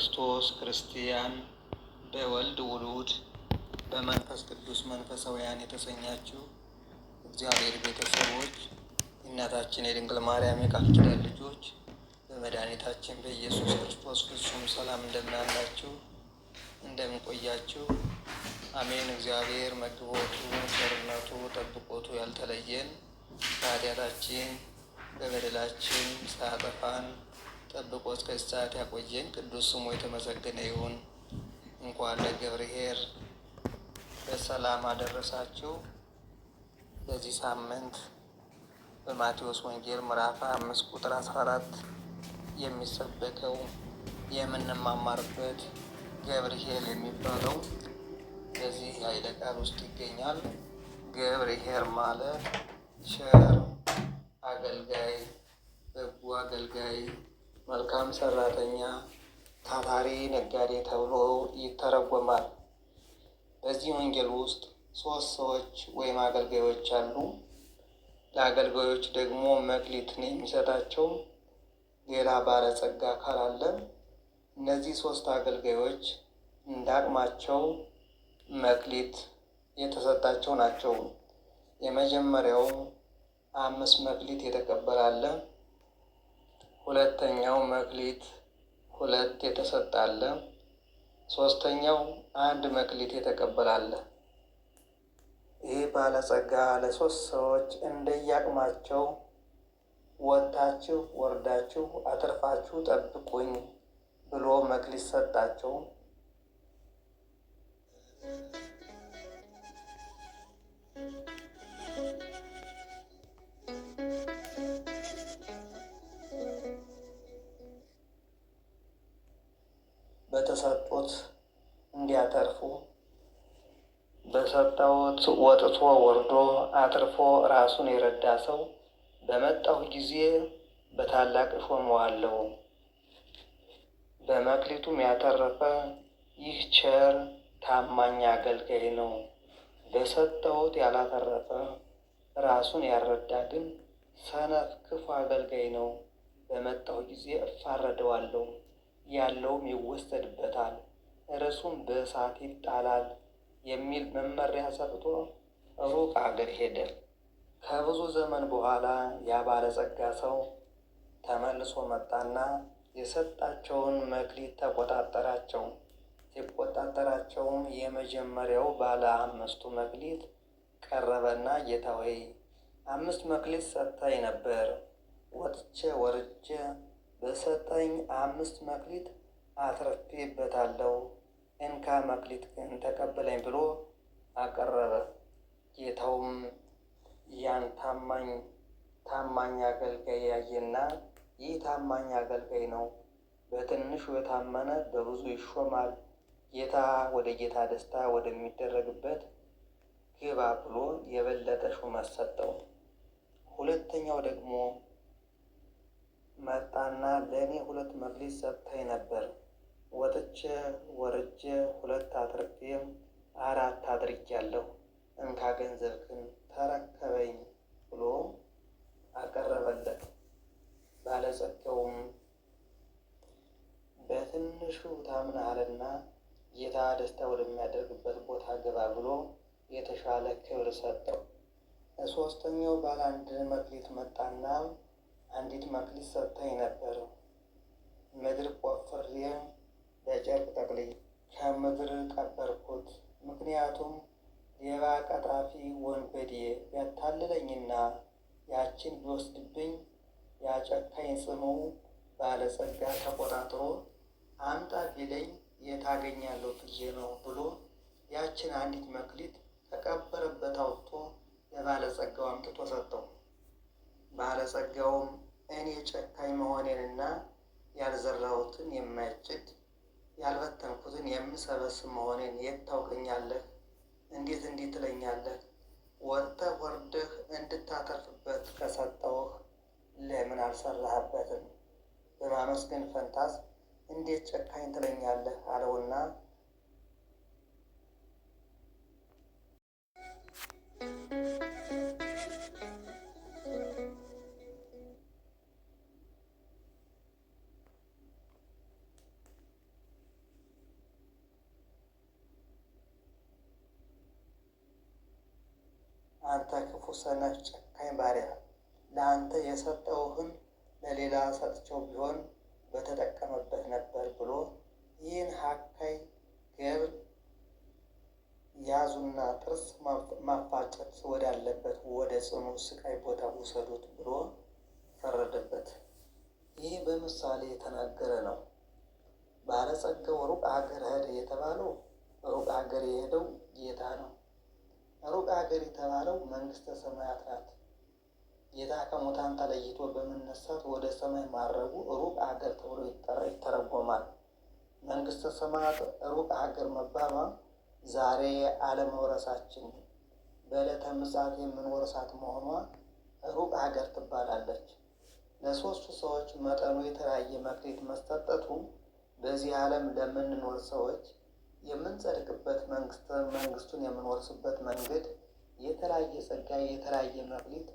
በክርስቶስ ክርስቲያን በወልድ ውሉድ በመንፈስ ቅዱስ መንፈሳውያን የተሰኛችው እግዚአብሔር ቤተሰቦች የእናታችን የድንግል ማርያም የቃል ኪዳን ልጆች በመድኃኒታችን በኢየሱስ ክርስቶስ ፍጹም ሰላም እንደምናላችሁ እንደምንቆያችሁ አሜን። እግዚአብሔር መግቦቱ ቸርነቱ ጠብቆቱ ያልተለየን በኃጢአታችን በበደላችን ሳያጠፋን ጠብቆ እስከዚህ ሰዓት ያቆየን ቅዱስ ስሙ የተመሰገነ ይሁን። እንኳን ለገብርሄር በሰላም አደረሳችሁ። በዚህ ሳምንት በማቴዎስ ወንጌል ምዕራፍ አምስት ቁጥር አስራ አራት የሚሰበከው የምንማማርበት ገብርሄል የሚባለው በዚህ ኃይለ ቃል ውስጥ ይገኛል። ገብርሄር ማለት ቸር አገልጋይ፣ በጎ አገልጋይ መልካም ሰራተኛ፣ ታታሪ ነጋዴ ተብሎ ይተረጎማል። በዚህ ወንጌል ውስጥ ሶስት ሰዎች ወይም አገልጋዮች አሉ። ለአገልጋዮች ደግሞ መክሊትን የሚሰጣቸው ሌላ ባለጸጋ አካል አለ። እነዚህ ሶስት አገልጋዮች እንደ አቅማቸው መክሊት የተሰጣቸው ናቸው። የመጀመሪያው አምስት መክሊት የተቀበላለን ሁለተኛው መክሊት ሁለት የተሰጣለ፣ ሶስተኛው አንድ መክሊት የተቀበላለ። ይህ ባለጸጋ ለሶስት ሰዎች እንደየአቅማቸው ወጥታችሁ ወርዳችሁ አትርፋችሁ ጠብቁኝ ብሎ መክሊት ሰጣቸው። በተሰጡት እንዲያተርፉ በሰጠውት ወጥቶ ወርዶ አትርፎ ራሱን የረዳ ሰው በመጣሁ ጊዜ በታላቅ እሾመዋለሁ። በመክሊቱም ያተረፈ ይህ ቸር ታማኝ አገልጋይ ነው። በሰጠውት ያላተረፈ ራሱን ያረዳ ግን ሰነፍ ክፉ አገልጋይ ነው። በመጣሁ ጊዜ እፋረደዋለሁ። ያለውም ይወሰድበታል፣ እርሱም በእሳት ይጣላል የሚል መመሪያ ሰጥቶ ሩቅ አገር ሄደ። ከብዙ ዘመን በኋላ ያ ባለጸጋ ሰው ተመልሶ መጣና የሰጣቸውን መክሊት ተቆጣጠራቸው። ሲቆጣጠራቸውም የመጀመሪያው ባለ አምስቱ መክሊት ቀረበና ጌታ ሆይ አምስት መክሊት ሰጥተኸኝ ነበር፣ ወጥቼ ወርጄ በሰጠኝ አምስት መክሊት አትርፌበታለሁ፣ እንካ መክሊት ግን ተቀበለኝ ብሎ አቀረበ። ጌታውም ያን ታማኝ ታማኝ አገልጋይ ያየና ይህ ታማኝ አገልጋይ ነው፣ በትንሹ የታመነ በብዙ ይሾማል፣ ጌታ ወደ ጌታ ደስታ ወደሚደረግበት ግባ ብሎ የበለጠ ሹመት ሰጠው። ሁለተኛው ደግሞ መጣና ለእኔ ሁለት መክሊት ሰጥተኝ ነበር። ወጥቼ ወርጄ ሁለት አትርፌም አራት አድርጌያለሁ። እንካ ገንዘብህን ተረከበኝ ብሎ አቀረበለት። ባለጸጋውም በትንሹ ታምነሃልና ጌታ ደስታ ወደሚያደርግበት ቦታ ገባ ብሎ የተሻለ ክብር ሰጠው። ሶስተኛው ባለ አንድ መክሊት መጣና አንዲት መክሊት ሰጥተኝ ነበር። ምድር ቆፍሬ በጨርቅ ጠቅልዬ ከምድር ቀበርኩት። ምክንያቱም ሌባ ቀጣፊ ወንበዴ ያታልለኝና ያችን ቢወስድብኝ ያጨካኝ ጽኑ ባለጸጋ ተቆጣጥሮ አምጣ ቢለኝ የታገኛለሁ ብዬ ነው ብሎ ያችን አንዲት መክሊት ተቀበረበት አውጥቶ ለባለጸጋው አምጥቶ ሰጠው። ባለጸጋውም እኔ ጨካኝ መሆኔንና ያልዘራሁትን የማይጭድ ያልበተንኩትን የምሰበስብ መሆኔን የት ታውቀኛለህ? እንዴት እንዲህ ትለኛለህ? ወጥተህ ወርደህ እንድታተርፍበት ከሰጠውህ ለምን አልሰራህበትም? በማመስገን ፈንታስ እንዴት ጨካኝ ትለኛለህ? አለውና ሰነፍ ጨካኝ ባሪያ ለአንተ የሰጠውህን ለሌላ ሰጥቸው ቢሆን በተጠቀመበት ነበር ብሎ ይህን ሀካይ ገብር ያዙና ጥርስ ማፋጨት ወዳለበት ወደ ጽኑ ስቃይ ቦታ ውሰዱት ብሎ ፈረደበት። ይህ በምሳሌ የተናገረ ነው። ባለጸጋው ሩቅ ሀገር ሄደ የተባለው ሩቅ ሀገር የሄደው ጌታ ነው። ሩቅ ሀገር የተባለው መንግስተ ሰማያት ናት። ጌታ ከሙታን ተለይቶ በመነሳት ወደ ሰማይ ማረጉ ሩቅ ሀገር ተብሎ ይተረጎማል። መንግስተ ሰማያት ሩቅ ሀገር መባሏ ዛሬ አለመውረሳችን በዕለተ ምጽአት የምንወርሳት መሆኗ ሩቅ ሀገር ትባላለች። ለሶስቱ ሰዎች መጠኑ የተለያየ መክሊት መሰጠቱ በዚህ ዓለም ለምንኖር ሰዎች የምንጸድቅበት መንግስቱን የምንወርስበት መንገድ የተለያየ ጸጋ፣ የተለያየ መክሊት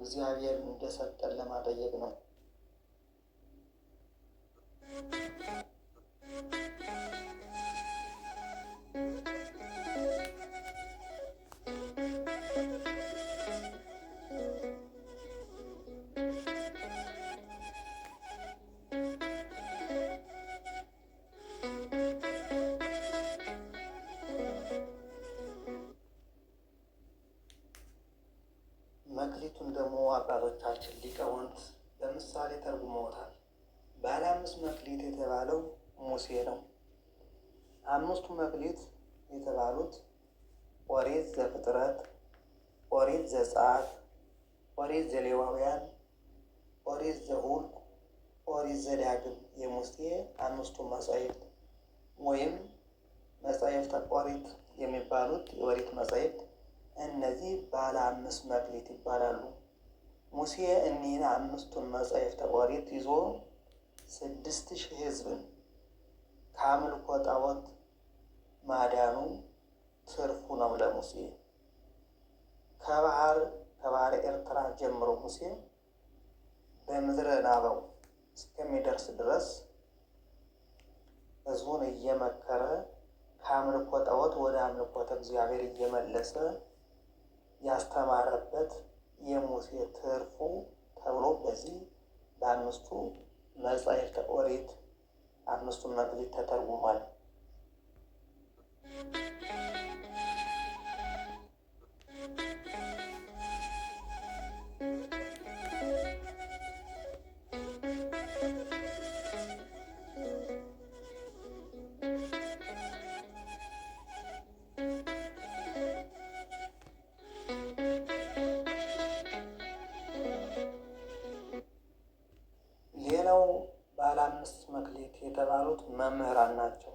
እግዚአብሔር እንደሰጠን ለማጠየቅ ነው። ሶስቱ መክሊት የተባሉት ኦሪት ዘፍጥረት፣ ኦሪት ዘጸአት፣ ኦሪት ዘሌዋውያን፣ ኦሪት ዘኍልቍ፣ ኦሪት ዘዳግም የሙሴ አምስቱ መጻሕፍት ወይም መጻሕፍተ ኦሪት የሚባሉት የኦሪት መጻሕፍት እነዚህ ባለ አምስት መክሊት ይባላሉ። ሙሴ እኒህን አምስቱን መጻሕፍተ ኦሪት ይዞ ስድስት ሺህ ሕዝብን ከአምልኮ ጣዖት ማዳኑ ትርፉ ነው ለሙሴ ከባህር ከባህር ኤርትራ ጀምሮ ሙሴ በምድረ ናበው እስከሚደርስ ድረስ ህዝቡን እየመከረ ከአምልኮ ጣዖት ወደ አምልኮተ እግዚአብሔር እየመለሰ ያስተማረበት የሙሴ ትርፉ ተብሎ በዚህ በአምስቱ መጻሕፍተ ኦሪት አምስቱ መክሊት ተተርጉሟል። ሌላው ባለ አምስት መክሊት የተባሉት መምህራን ናቸው።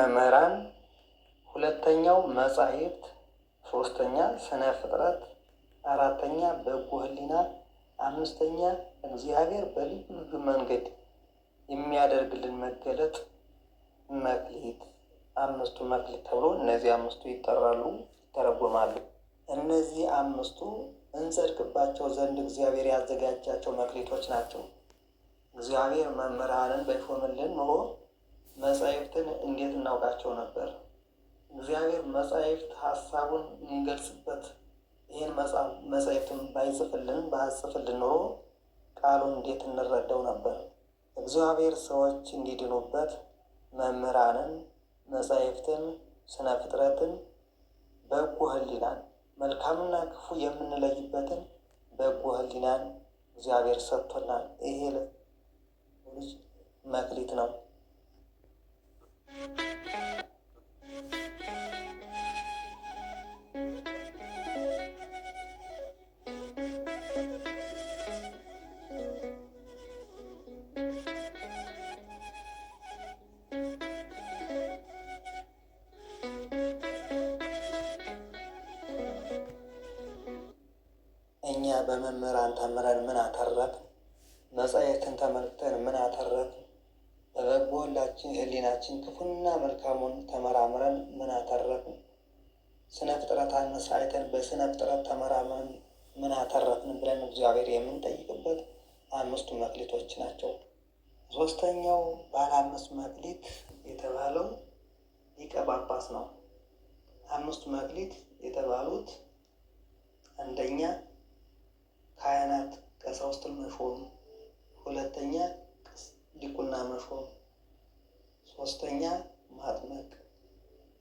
መምህራን፣ ሁለተኛው መጻሕፍት፣ ሶስተኛ ስነ ፍጥረት፣ አራተኛ በጎ ህሊና፣ አምስተኛ እግዚአብሔር በልዩ ልዩ መንገድ የሚያደርግልን መገለጥ መክሊት አምስቱ መክሊት ተብሎ እነዚህ አምስቱ ይጠራሉ፣ ይተረጎማሉ። እነዚህ አምስቱ እንጸድቅባቸው ዘንድ እግዚአብሔር ያዘጋጃቸው መክሊቶች ናቸው። እግዚአብሔር መምህራንን በሾመልን ኖሮ መጻሕፍትን እንዴት እናውቃቸው ነበር? እግዚአብሔር መጻሕፍት ሀሳቡን የሚገልጽበት ይህን መጻሕፍትን ባይጽፍልን ባያጽፍልን ኖሮ ቃሉን እንዴት እንረዳው ነበር? እግዚአብሔር ሰዎች እንዲድኑበት መምህራንን፣ መጻሕፍትን፣ ስነ ፍጥረትን፣ በጎ ህሊናን መልካምና ክፉ የምንለይበትን በጎ ህሊናን እግዚአብሔር ሰጥቶናል። ይሄ መክሊት ነው። እኛ በመምህራን ተምረን ምን አተረፍን? መጻሕፍትን ተመልክተን ምን አተረፍን? በበጎ ህሊናችን ክፉና መልካሙን ተመራምረን ምን አተረፍን? ስነ ፍጥረታን መስራይተን በስነ ፍጥረት ተመራምረን ምን አተረፍን ብለን እግዚአብሔር የምንጠይቅበት አምስቱ መክሊቶች ናቸው። ሶስተኛው ባለ አምስት መክሊት የተባለው ሊቀ ጳጳስ ነው። አምስቱ መክሊት የተባሉት አንደኛ ካህናት ቀሳውስትን መሾም፣ ሁለተኛ ሊቁና መሾም፣ ሶስተኛ ማጥመቅ፣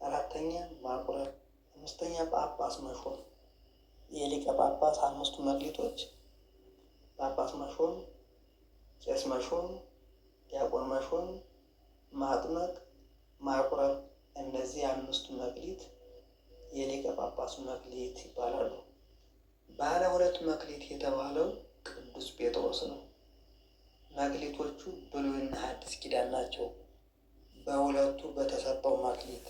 አራተኛ ማቁረብ፣ አምስተኛ ጳጳስ መሾም። የሊቀ ጳጳስ አምስቱ መክሊቶች ጳጳስ መሾም፣ ቄስ መሾም፣ ዲያቆን መሾም፣ ማጥመቅ፣ ማቁረብ እነዚህ አምስቱ መክሊት የሊቀ ጳጳሱ መክሊት ይባላሉ። ባለ ሁለት መክሊት የተባለው ቅዱስ ጴጥሮስ ነው። ማክሊቶቹ ብሉይና ሐዲስ ኪዳን ናቸው። በሁለቱ በተሰጠው ማክሊት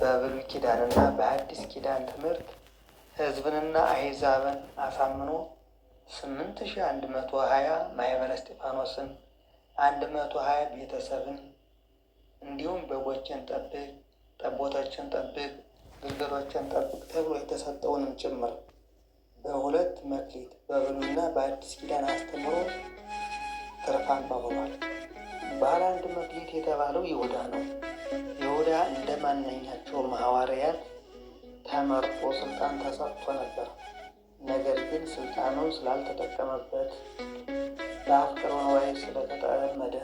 በብሉይ ኪዳንና በሐዲስ ኪዳን ትምህርት ሕዝብንና አሕዛብን አሳምኖ ስምንት ሺ አንድ መቶ ሀያ ማኅበረ እስጢፋኖስን አንድ መቶ ሀያ ቤተሰብን እንዲሁም በጎችን ጠብቅ፣ ጠቦቶችን ጠብቅ፣ ግልገሎችን ጠብቅ ተብሎ የተሰጠውንም ጭምር በሁለት መክሊት በብሉይና በአዲስ ኪዳን አስተምሮ ትርፋማ ሆኗል። ባለ አንድ መክሊት የተባለው ይሁዳ ነው። ይሁዳ እንደ ማንኛቸውም ሐዋርያት ተመርጦ ስልጣን ተሰጥቶ ነበር። ነገር ግን ስልጣኑን ስላልተጠቀመበት በአፍቅረ ንዋይ ስለተጠመደ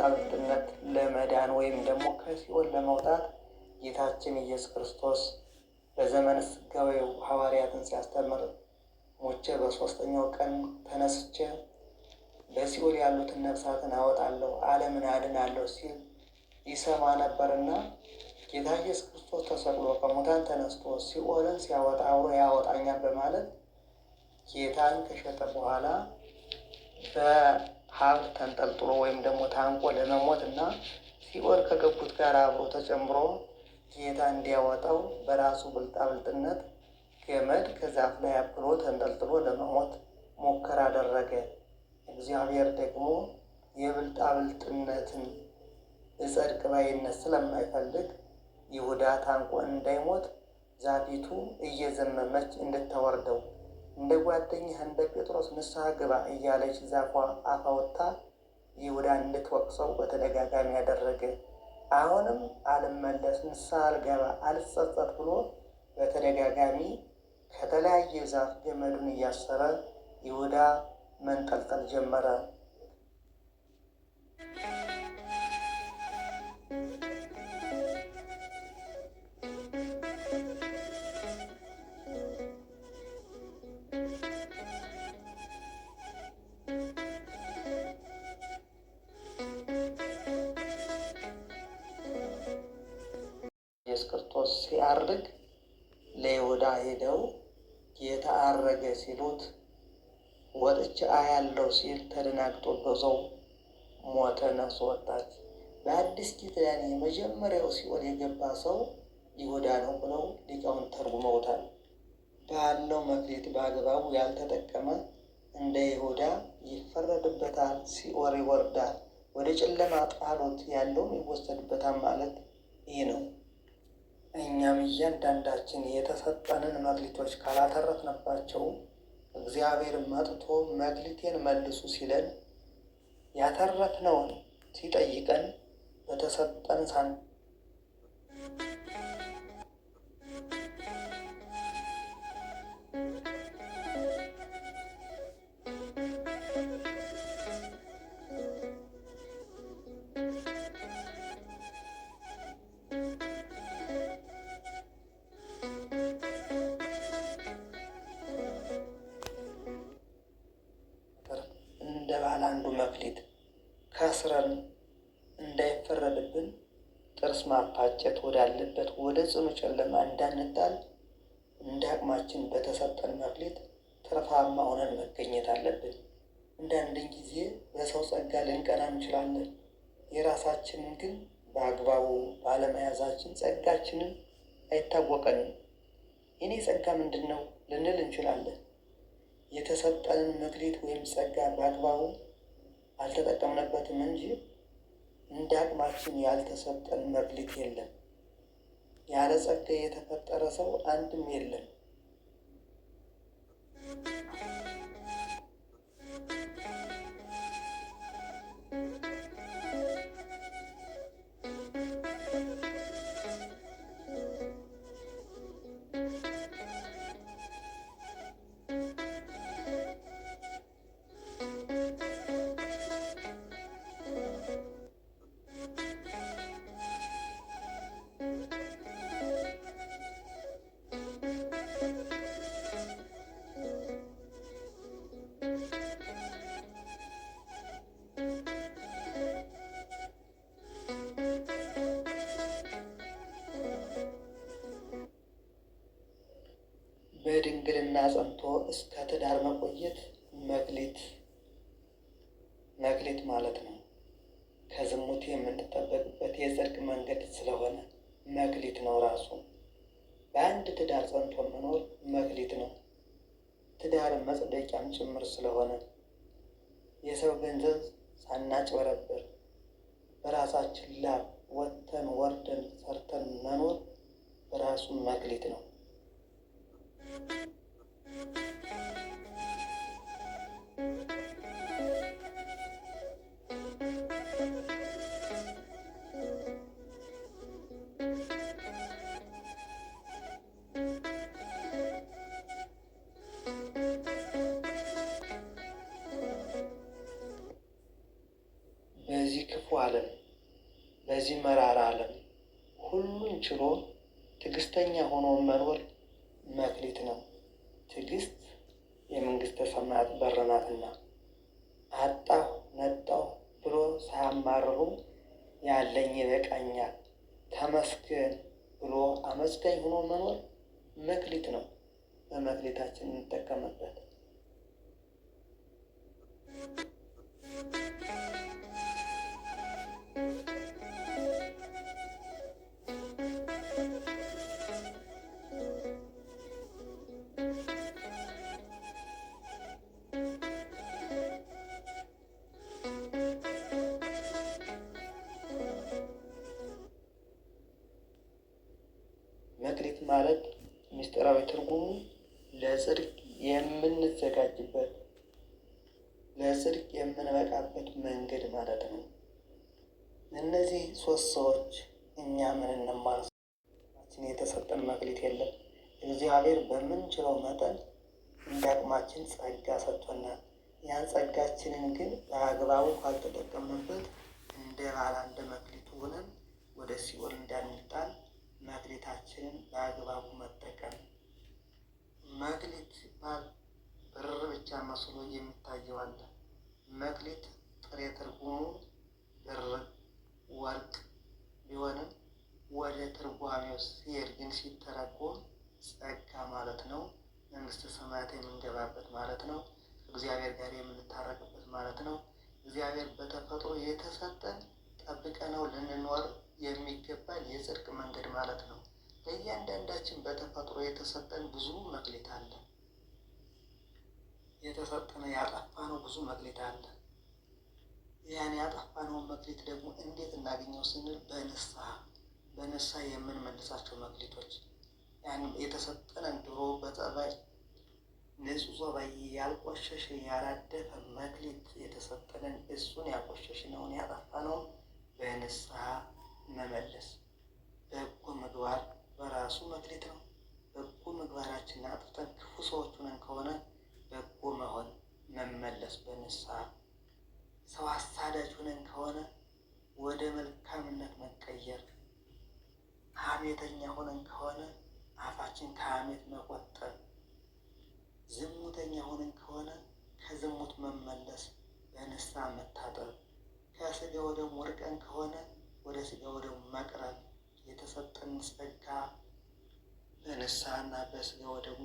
ባለጠግነት ለመዳን ወይም ደግሞ ከሲኦል ለመውጣት ጌታችን ኢየሱስ ክርስቶስ በዘመነ ሥጋዌው ሐዋርያትን ሲያስተምር ሞቼ በሶስተኛው ቀን ተነስቼ በሲኦል ያሉትን ነፍሳትን አወጣለሁ፣ ዓለምን አድናለሁ ሲል ይሰማ ነበርና ጌታ ኢየሱስ ክርስቶስ ተሰቅሎ ከሙታን ተነስቶ ሲኦልን ሲያወጣ አብሮ ያወጣኛል በማለት ጌታን ከሸጠ በኋላ ሀብ ተንጠልጥሎ ወይም ደግሞ ታንቆ ለመሞት እና ሲኦል ከገቡት ጋር አብሮ ተጨምሮ ጌታ እንዲያወጣው በራሱ ብልጣብልጥነት ገመድ ከዛፍ ላይ አብሎ ተንጠልጥሎ ለመሞት ሞከር አደረገ። እግዚአብሔር ደግሞ የብልጣብልጥነትን እጸድቅ ባይነት ስለማይፈልግ ይሁዳ ታንቆ እንዳይሞት ዛፊቱ እየዘመመች እንድታወርደው እንደ ጓደኛህ እንደ ጴጥሮስ ንስሐ ግባ እያለች ዛፏ አፋወታ ይሁዳ እንድትወቅሰው በተደጋጋሚ ያደረገ አሁንም አልመለስ ንስሐ አልገባ አልጸጸት ብሎ በተደጋጋሚ ከተለያየ ዛፍ ገመዱን እያሰረ ይሁዳ መንጠልጠል ጀመረ። ጲላጦስ ሲያርግ ለይሁዳ ሄደው ጌታ አረገ ሲሉት ወጥቼ አያለው ሲል ተደናግጦ በዘው ሞተ፣ ነፍሱ ወጣች። በአዲስ ኪዳን የመጀመሪያው ሲኦል የገባ ሰው ይሁዳ ነው ብለው ሊቃውን ተርጉመውታል። ባለው መክሊት በአግባቡ ያልተጠቀመ እንደ ይሁዳ ይፈረድበታል፣ ሲኦል ይወርዳል። ወደ ጨለማ ጣሎት ያለውም ይወሰድበታል ማለት ይህ ነው። እኛም እያንዳንዳችን የተሰጠንን መግሊቶች ካላተረፍንባቸው እግዚአብሔር መጥቶ መግሊቴን መልሱ ሲለን ያተረፍነውን ሲጠይቀን በተሰጠን ሳን እንደ ባለ አንዱ መክሊት ከስረን እንዳይፈረድብን ጥርስ ማፋጨት ወዳለበት ወደ ጽኑ ጨለማ እንዳንጣል እንደ አቅማችን በተሰጠን መክሊት ትርፋማ ሆነን መገኘት አለብን። አንዳንድን ጊዜ በሰው ጸጋ ልንቀና እንችላለን። የራሳችንን ግን በአግባቡ ባለመያዛችን ጸጋችንን አይታወቀንም። የኔ ጸጋ ምንድን ነው ልንል እንችላለን። የተሰጠንን መክሊት ወይም ጸጋ በአግባቡ አልተጠቀምንበትም እንጂ እንደ አቅማችን ያልተሰጠን መክሊት የለም። ያለ ጸጋ የተፈጠረ ሰው አንድም የለም። ከድንግልና ጸንቶ እስከ ትዳር መቆየት መክሊት መክሊት ማለት ነው። ከዝሙት የምንጠበቅበት የጽድቅ መንገድ ስለሆነ መክሊት ነው። ራሱ በአንድ ትዳር ጸንቶ መኖር መክሊት ነው። ትዳር መጽደቂያም ጭምር ስለሆነ የሰው ገንዘብ ሳናጭበረብር በራሳችን ላብ ወጥተን ወርደን ሰርተን መኖር ራሱ መክሊት ነው። በዚህ ክፉ ዓለም በዚህ መራራ ዓለም ሁሉን ችሎ ትዕግስተኛ ሆኖ መኖር መክሊት ነው። ትዕግስት የመንግስተ ሰማያት በር ናትና አጣሁ ነጣሁ ብሎ ሳያማርሩ ያለኝ ይበቃኛል ተመስገን ብሎ አመስጋኝ ሆኖ መኖር መክሊት ነው። በመክሊታችን እንጠቀምበት። ለጽድቅ የምንዘጋጅበት ለጽድቅ የምንበቃበት መንገድ ማለት ነው። እነዚህ ሶስት ሰዎች እኛ ምን እንማር? የተሰጠን መክሊት የለም። እግዚአብሔር በምንችለው መጠን እንዳቅማችን ጸጋ ሰጥቶናል። ያን ጸጋችንን ግን በአግባቡ ካልተጠቀምንበት እንደ ባላ እንደ መክሊቱ ሆነን ወደ ሲኦል እንዳንጣል መክሊታችንን በአግባቡ መጠቀም መክሊት ሲባል ብር ብቻ መስሎ የሚታየው አለ። መክሊት ጥሬ ትርጉሙ ብር፣ ወርቅ ቢሆንም ወደ ትርጓሜው ሲሄድ ግን ሲተረጎም ጸጋ ማለት ነው። መንግስተ ሰማያት የምንገባበት ማለት ነው። እግዚአብሔር ጋር የምንታረቅበት ማለት ነው። እግዚአብሔር በተፈጥሮ የተሰጠን ጠብቀ ነው ልንኖር የሚገባን የጽድቅ መንገድ ማለት ነው። ለእያንዳንዳችን በተፈጥሮ የተሰጠን ብዙ መክሊት አለ። የተሰጠነ ነው ብዙ መክሊት አለ። ያን ያጠፋነውን መቅሌት ደግሞ እንዴት እናገኘው ስንል በንስሐ በንስሐ የምንመልሳቸው መቅሌቶች ያንም የተሰጠነን ድሮ በጸባይ ንጹህ ጸባይ ያልቆሸሸ ያላደፈ መክሊት የተሰጠነን እሱን ያቆሸሽነውን ያጠፋነውን በንስሐ መመለስ በጎ ምግባር በራሱ መክሊት ነው። በጎ ምግባራችን አጥፍተን ክፉ ሰዎች ሆነን ከሆነ በጎ መሆን መመለስ በንስሐ ሰው አሳዳጅ ሆነን ከሆነ ወደ መልካምነት መቀየር፣ ሐሜተኛ ሆነን ከሆነ አፋችን ከሐሜት መቆጠብ፣ ዝሙተኛ ሆነን ከሆነ ከዝሙት መመለስ በንስሐ መታጠብ፣ ከስጋ ወደሙ ርቀን ከሆነ ወደ ስጋ ወደሙ መቅረብ የተሰጠን ጸጋ በንስሐና በስጋ ወደሙ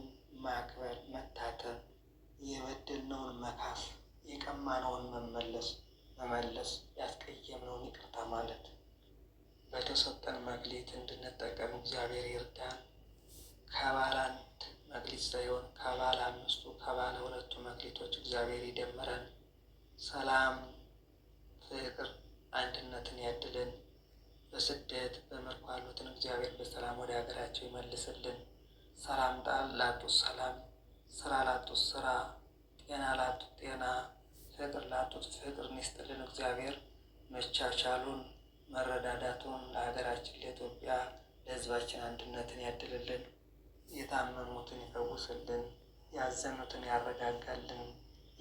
ማክበር፣ መታተም፣ የበደልነውን መካፍ፣ የቀማነውን መመለስ መመለስ፣ ያስቀየምነውን ይቅርታ ማለት። በተሰጠን መክሊት እንድንጠቀም እግዚአብሔር ይርዳን። ከባለ አንድ መክሊት ሳይሆን ከባለ አምስቱ ከባለ ሁለቱ መክሊቶች እግዚአብሔር ይደምረን። ሰላም፣ ፍቅር፣ አንድነትን ያድለን። በስደት በምርኮ ያሉትን እግዚአብሔር በሰላም ወደ ሀገራቸው ይመልስልን። ጣል ላጡ ሰላም፣ ስራ ላጡ ስራ፣ ጤና ላጡ ጤና፣ ፍቅር ላጡ ፍቅር ይስጥልን እግዚአብሔር። መቻቻሉን መረዳዳቱን ለሀገራችን ለኢትዮጵያ ለሕዝባችን አንድነትን ያድልልን። የታመሙትን ይፈውስልን፣ ያዘኑትን ያረጋጋልን፣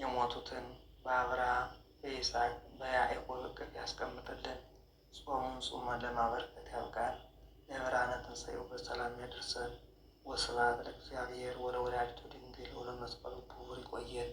የሞቱትን በአብርሃም በይስሐቅ በያዕቆብ እቅፍ ያስቀምጥልን። ጾሙን ጾመን ለማበረከት ያብቃል። ለብርሃነ ትንሣኤው በሰላም ያደርሰን። ወስብሐት ለእግዚአብሔር ወለወላዲቱ ድንግል ወለመስቀሉ ክቡር። ይቆየን።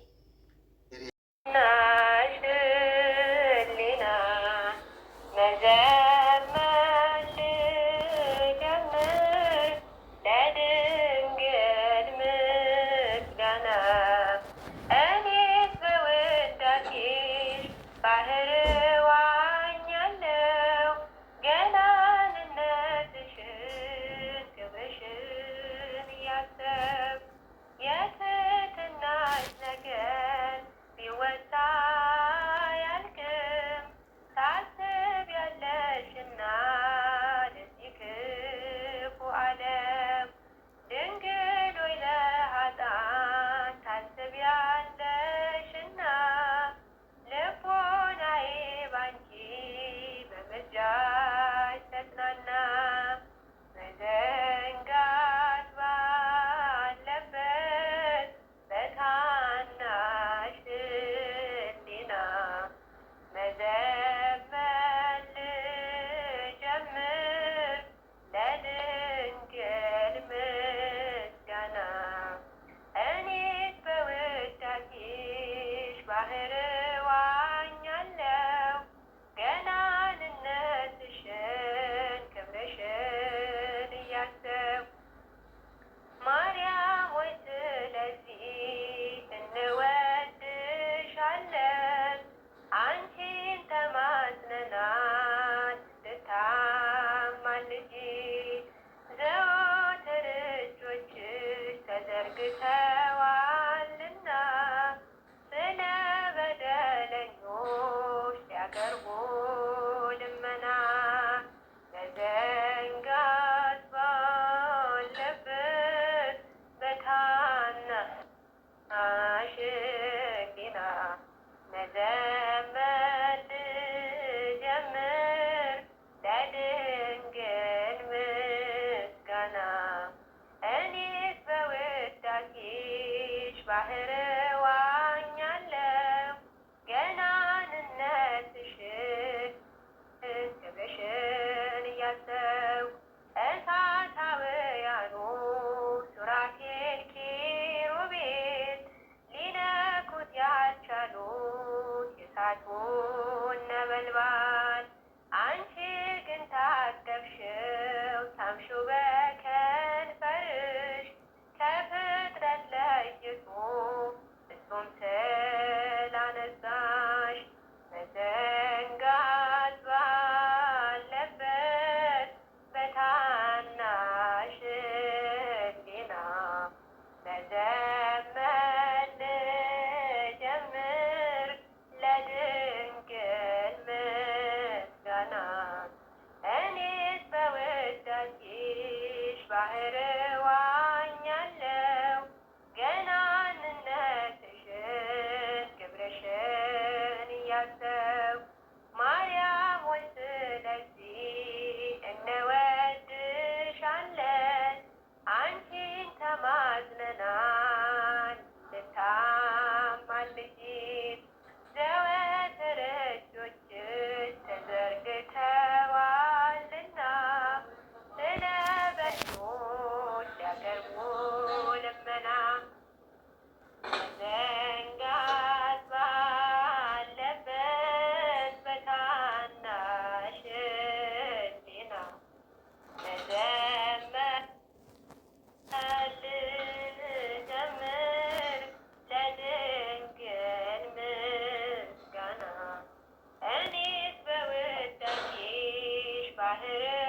I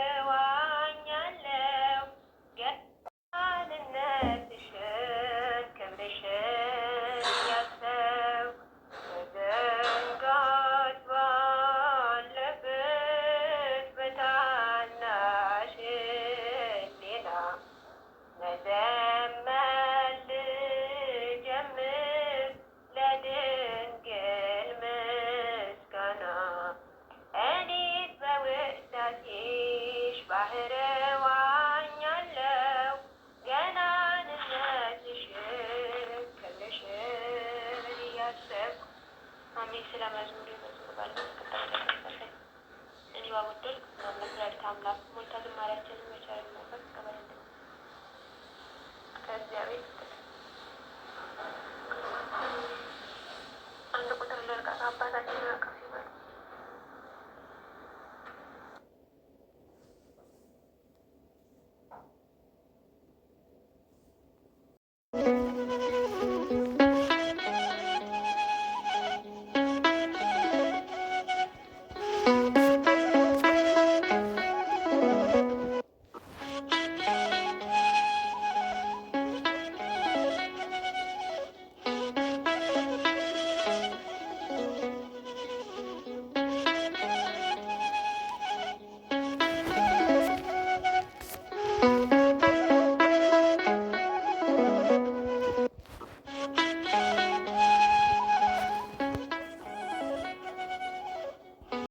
頑張らなく